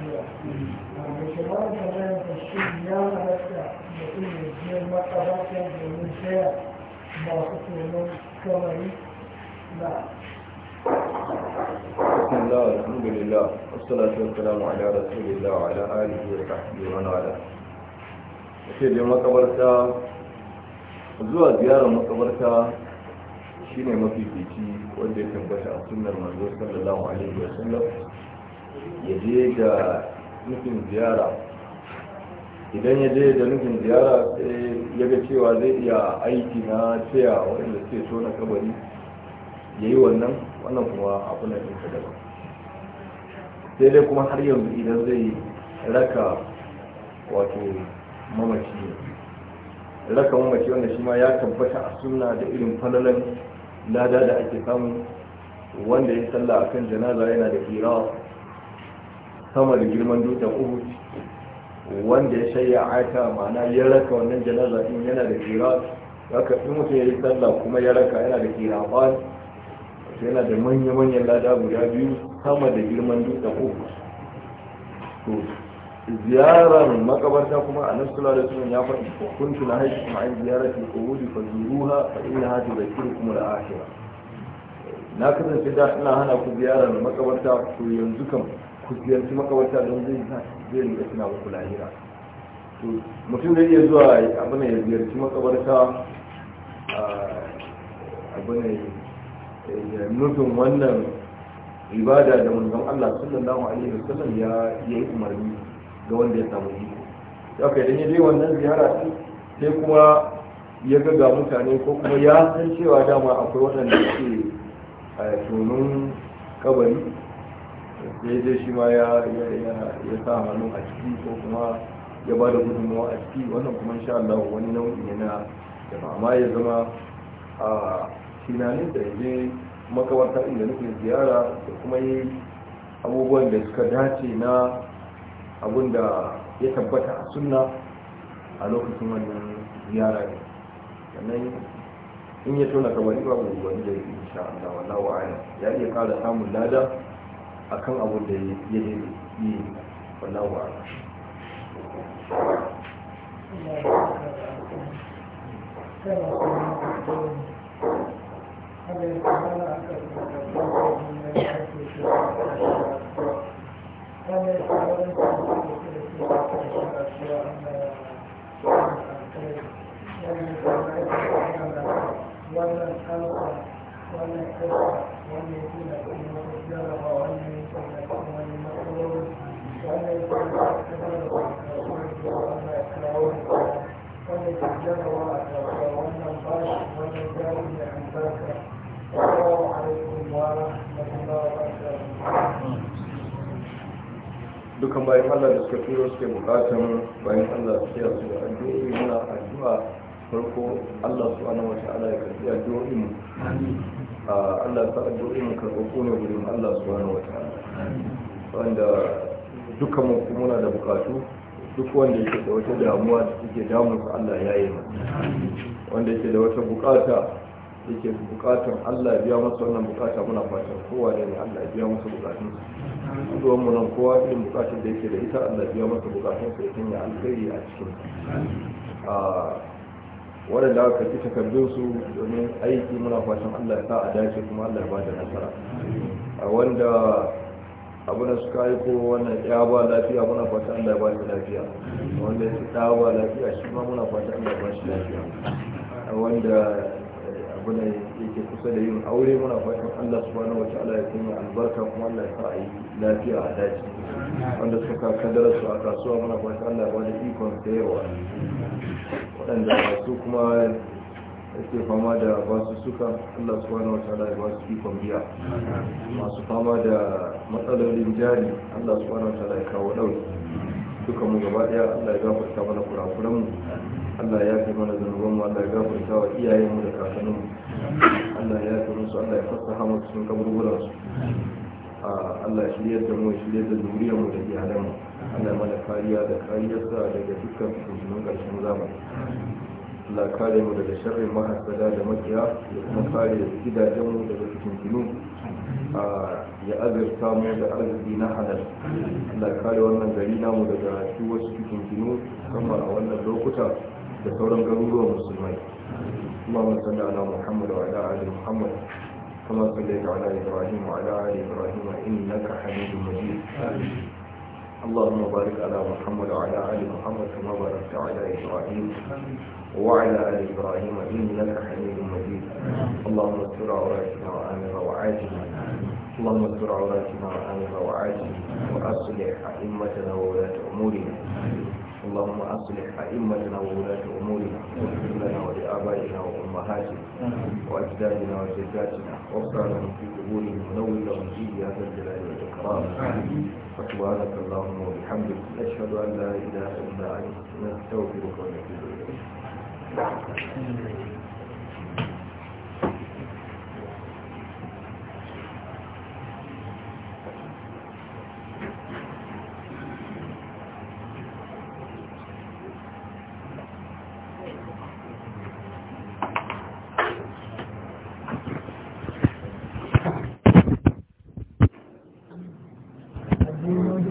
kamar da zai fashi ya halatta mutum ya je makabatar domin shaya masu tonon kamari na بسم الله الحمد لله والصلاة والسلام على رسول الله وعلى آله وصحبه ومن والاه sai je makabarta zuwa ziyarar makabarta shine mafifici wanda ya tambata a sunnar manzo sallallahu alaihi wasallam ya je da nufin ziyara idan ya je da nufin ziyara sai ya ga cewa zai iya aiki na cewa waɗanda suke so na kabari ya yi wannan wannan kuma abu na ɗinka daban sai dai kuma har yanzu idan zai raka wato mamaci raka mamaci wanda shi ma ya tabbata a suna da irin falalan lada da ake samu wanda ya a kan janaza yana da kira sama da girman dutsen uhud wanda ya shayya aka mana ya raka wannan janaza din yana da kira haka in mutum ya yi sallah kuma ya raka yana da kira ba yana da manya-manyan lada guda biyu sama da girman dutsen uhud to ziyarar makabarta kuma a nasu da sunan ya faɗi kun tuna haiti kuma an ziyarar ke kowuri fa zuruha fa ina hati da kiri kuma da ashira. na kasance da ina hana ku ziyarar makabarta to yanzu kan ku ziyarci makabarta don zai zai riga suna muku lahira to mutum zai iya zuwa abin ya ziyarci makabarta abin ya nufin wannan ibada da manzon Allah sallallahu alaihi wasallam ya yi umarni ga wanda ya samu iko to kai idan ya wannan ziyara sai kuma ya ga ga mutane ko kuma ya san cewa dama akwai waɗanda ke tunun kabari da ya shi ma ya sa hannu a ciki ko kuma ya ba da gudunmawa a ciki wannan kuma insha Allah wani nau'i ne na ba amma ya zama a tunanin da ya je makawarta inda nufin ziyara da kuma yi abubuwan da suka dace na abun da ya tabbata a sunna a lokacin wannan ziyara ne sannan in ya tona ba babu wani da ya insha Allah wallahu ya iya kara samun lada akan abin da ya yi yi wannan wa Thank you. dukan bayan allah da suka turo suke bukatan bayan allah su ya su da yana a addu'a farko allah su ana wata ala ya karbi addu'o'i ah, mu allah ta addu'o'i mu karɓo ne gudun allah su ana wata ala wanda dukan mu muna da bukatu duk wanda yake da wata damuwa da suke damun allah ya yi wanda yake da wata bukata yake bukatar Allah biya masa wannan bukata muna fatan kowa da ne Allah biya masa bukatun su duwan mu nan kowa da bukatar da yake da ita Allah biya masa bukatun su yakin ya alkhairi a cikin a wadanda aka karɓi takardun su domin aiki muna fatan Allah ya sa a dace kuma Allah ya ba da nasara a wanda abu da suka yi ko wannan ya ba lafiya muna fata Allah ba shi lafiya wanda ya ta ba lafiya shi ma muna fata Allah ba shi lafiya wanda abu da yake kusa da yin aure muna fashin Allah subhanahu wa ta'ala ya kuma albarka kuma Allah ya sa a lafiya a daji wanda suka kadara su a kasuwa muna fatan Allah ya bada ikon sayarwa waɗanda su kuma yake fama da basu suka Allah subhanahu wa ta'ala ya basu ikon biya masu fama da matsalolin jari Allah subhanahu wa ta'ala ya kawo ɗauki duka mu gaba ɗaya Allah ya gafarta mana kurakuran mu Allah ya fi mana zanuban mu Allah ya gafarta wa iyayenmu da kakannin Allah ya fi musu Allah ya fassaha mu cikin kaburburan su Allah ya shirya da mu shirya da zuriya mu da iyalan Allah Allah mana kariya da kariyarsa daga dukkan fitinin ƙarshen zamani Allah kare mu daga sharrin mahasada da makiya ya kuma kare gidajen mu daga fitintinu ya azurta mu da arziki na halal Allah kare wannan gari namu daga wasu fitintinu kamar a wannan lokuta da sauran garuruwan اللهم صل على محمد وعلى ال محمد كما صليت على ابراهيم وعلى ال ابراهيم انك حميد مجيد اللهم بارك على محمد وعلى ال محمد كما باركت على ابراهيم وعلى ال ابراهيم انك حميد مجيد اللهم استر عوراتنا وآمنا روعاتنا اللهم استر عوراتنا وآمنا روعاتنا واصلح ائمتنا وولاه امورنا اللهم أصلح أئمتنا وولاة أمورنا واغفر لنا ولآبائنا وأمهاتنا وأجدادنا وجداتنا لهم في قبورهم ونور لهم يا ذا الجلال والإكرام سبحانك اللهم وبحمدك أشهد أن لا إله إلا أنت نستغفرك ونتوب إليك